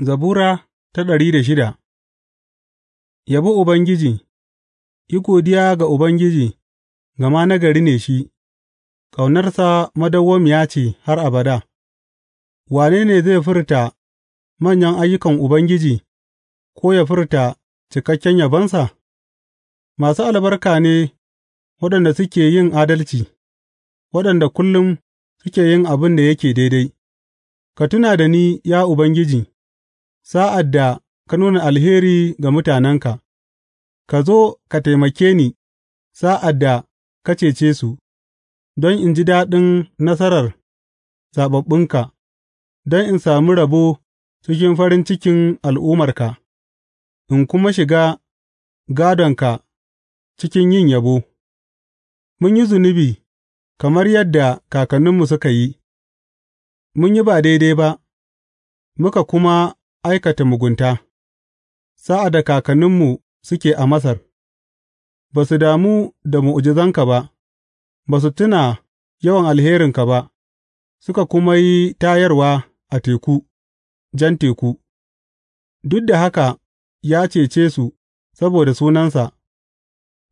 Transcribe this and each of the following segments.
Zabura ta ɗari da shida Yabi Ubangiji Yi godiya ga Ubangiji, gama nagari ne shi, ƙaunarsa madawwamiya ce har abada; wane ne zai furta manyan ayyukan Ubangiji ko ya furta cikakken yabonsa? Masu albarka ne waɗanda suke yin adalci, waɗanda kullum suke yin abin da yake daidai; ka tuna da ni, ya Ubangiji. sa'ad da ka nuna alheri ga mutanenka, ka zo ka taimake ni sa'ad da ka cece su, don in ji daɗin nasarar zaɓaɓɓunka, don in sami rabo cikin farin cikin al'ummarka, in kuma shiga gādonka cikin yin yabo. Mun yi zunubi kamar yadda kakanninmu suka yi, mun yi ba daidai ba, muka kuma aikata mugunta sa'ad da kakanninmu suke a Masar, ba su damu da mu'ujizanka ba, ba su tuna yawan alherinka ba, suka kuma yi tayarwa a teku, jan teku, duk da haka ya cece su saboda sunansa,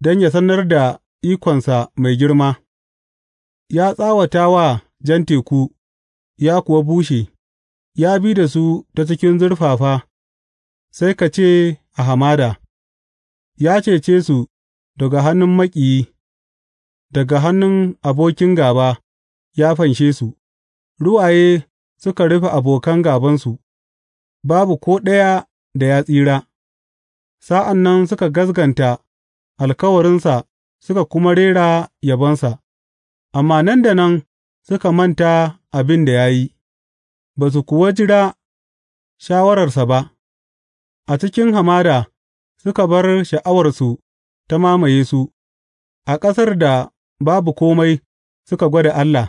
don ya sanar da ikonsa mai girma, ya tsawata wa jan teku, ya kuwa bushe. ya bi da su ta cikin zurfafa, sai ka ce a hamada, Ya cece su daga hannun maƙiyi, daga hannun abokin gaba, ya fanshe su, ruwaye suka rufe abokan gabansu, babu ko ɗaya da ya tsira, sa'an nan suka gaskanta alkawarinsa suka kuma rera yabonsa, amma nan da nan suka manta abin da ya yi. ba su kuwa jira shawararsa ba, a cikin hamada suka bar sha'awarsu ta mamaye su, a ƙasar da babu kome suka gwada Allah,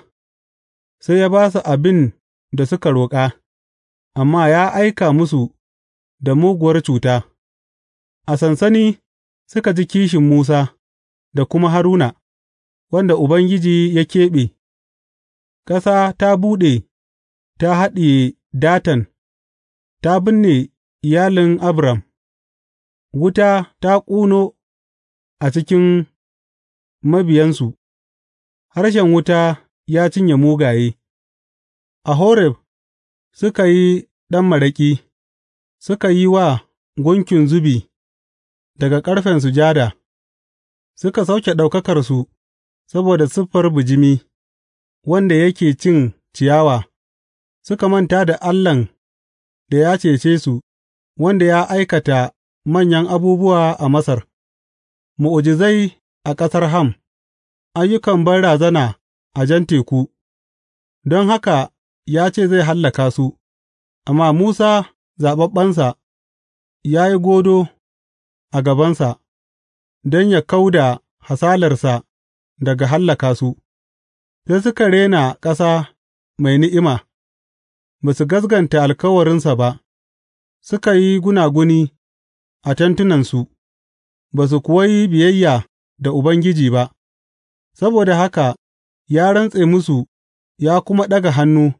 sai ya ba su abin da suka roƙa, amma ya aika musu da muguwar cuta, a sansani suka ji kishin Musa da kuma Haruna, wanda Ubangiji ya keɓe, ƙasa ta buɗe. ta haɗiye Datan ta binne iyalin Abiram; wuta ta ƙuno a cikin mabiyansu, harshen wuta ya cinye mugaye; a Horeb suka yi ɗan maraƙi, suka yi wa gunkin zubi daga ƙarfen sujada, suka sauke ɗaukakarsu saboda siffar bijimi, wanda yake cin ciyawa. Suka manta da Allahn da ya cece su, wanda ya aikata manyan abubuwa a Masar, mu'ujizai a ƙasar Ham, ayyukan banrazana a Jan Teku, don haka ya ce zai hallaka su, amma Musa zaɓaɓɓensa ya yi godo a gabansa, don yă kauda hasalarsa daga hallaka su, sai suka rena ƙasa mai ni'ima. ba su gaskata alkawarinsa ba, suka yi gunaguni a tentunansu, ba su kuwa yi biyayya da Ubangiji ba, saboda haka ya rantse musu ya kuma ɗaga hannu,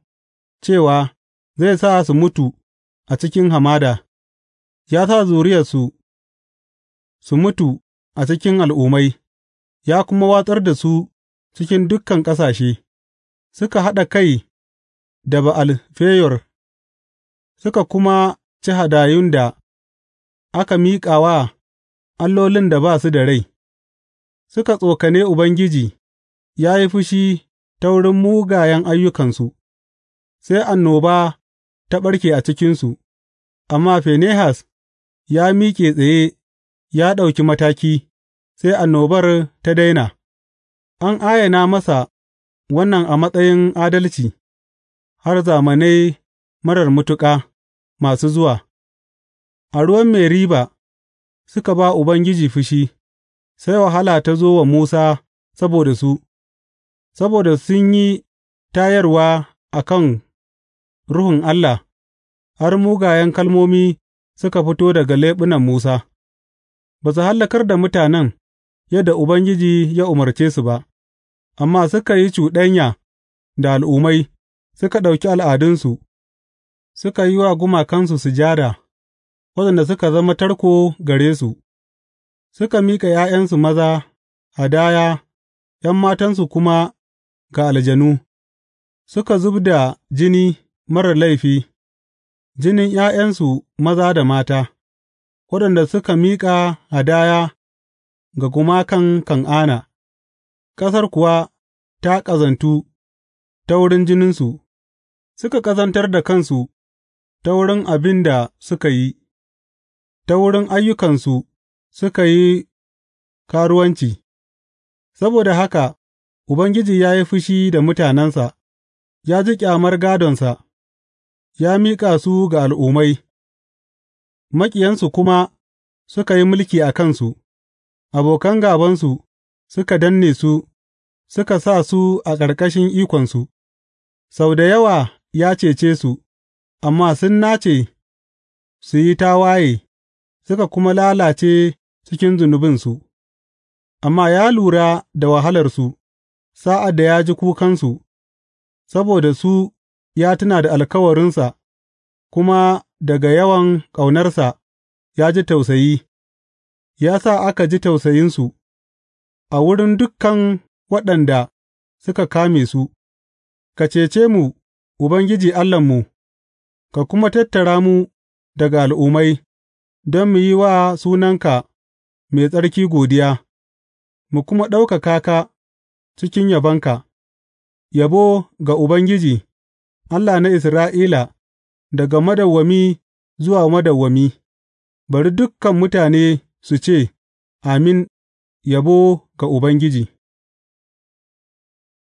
cewa zai sa su mutu a cikin hamada, ya sa zuriyarsu su mutu a cikin al'ummai, ya kuma watsar da su cikin dukkan ƙasashe, suka haɗa kai. da Ba'al Feyor, suka kuma ci hadayun da aka miƙa wa allolin da ba su da rai, suka tsokane Ubangiji, ya yi fushi ta wurin mugayen ayyukansu, sai annoba ta ɓarke a cikinsu, amma Fenehas ya miƙe tsaye ya ɗauki mataki, sai annobar ta daina, an ayana masa wannan a matsayin adalci. har zamanai marar matuƙa masu zuwa, a ruwan Meriba suka ba Ubangiji fushi, sai wahala ta zo wa Musa saboda su, saboda sun yi tayarwa a kan Ruhun Allah, har mugayen kalmomi suka fito daga leɓunan Musa, ba su hallakar da mutanen yadda Ubangiji ya umarce su ba, amma suka yi cuɗanya da al'ummai. suka ɗauki al'adunsu, suka yi wa gumakansu sujada, waɗanda suka zama tarko gare su, suka miƙa ’ya'yansu maza hadaya, ’yan matansu kuma ga aljanu, suka zub da jini marar laifi, jinin ’ya'yansu maza da mata, waɗanda suka miƙa hadaya ga gumakan Kan'ana, ƙasar kuwa ta ƙazantu ta wurin jininsu. Suka ƙazantar da kansu ta wurin abin da suka yi, ta wurin ayyukansu suka yi karuwanci, saboda haka Ubangiji ya yi fushi da mutanensa, ya ji ƙyamar gādonsa, ya miƙa su ga al'ummai, maƙiyansu kuma suka yi mulki a kansu, abokan gābansu suka danne su suka sa su a ƙarƙashin ikonsu, sau da yawa ya cece su, amma sun nace su yi tawaye suka kuma lalace cikin zunubinsu, amma ya lura da wahalarsu sa'ad da ya ji kukansu, saboda su ya tuna da alkawarinsa, kuma daga yawan ƙaunarsa ya ji tausayi, ya sa aka ji tausayinsu a wurin dukan waɗanda suka kame su, ka cece mu Ubangiji Allahnmu, ka kuma tattara mu daga al'ummai, don mu yi wa sunanka mai tsarki godiya, mu kuma ɗaukaka ka cikin yabonka, yabo ga Ubangiji, Allah na Isra'ila, daga madawwami zuwa madawwami; bari dukan mutane su ce, Amin, yabo ga Ubangiji.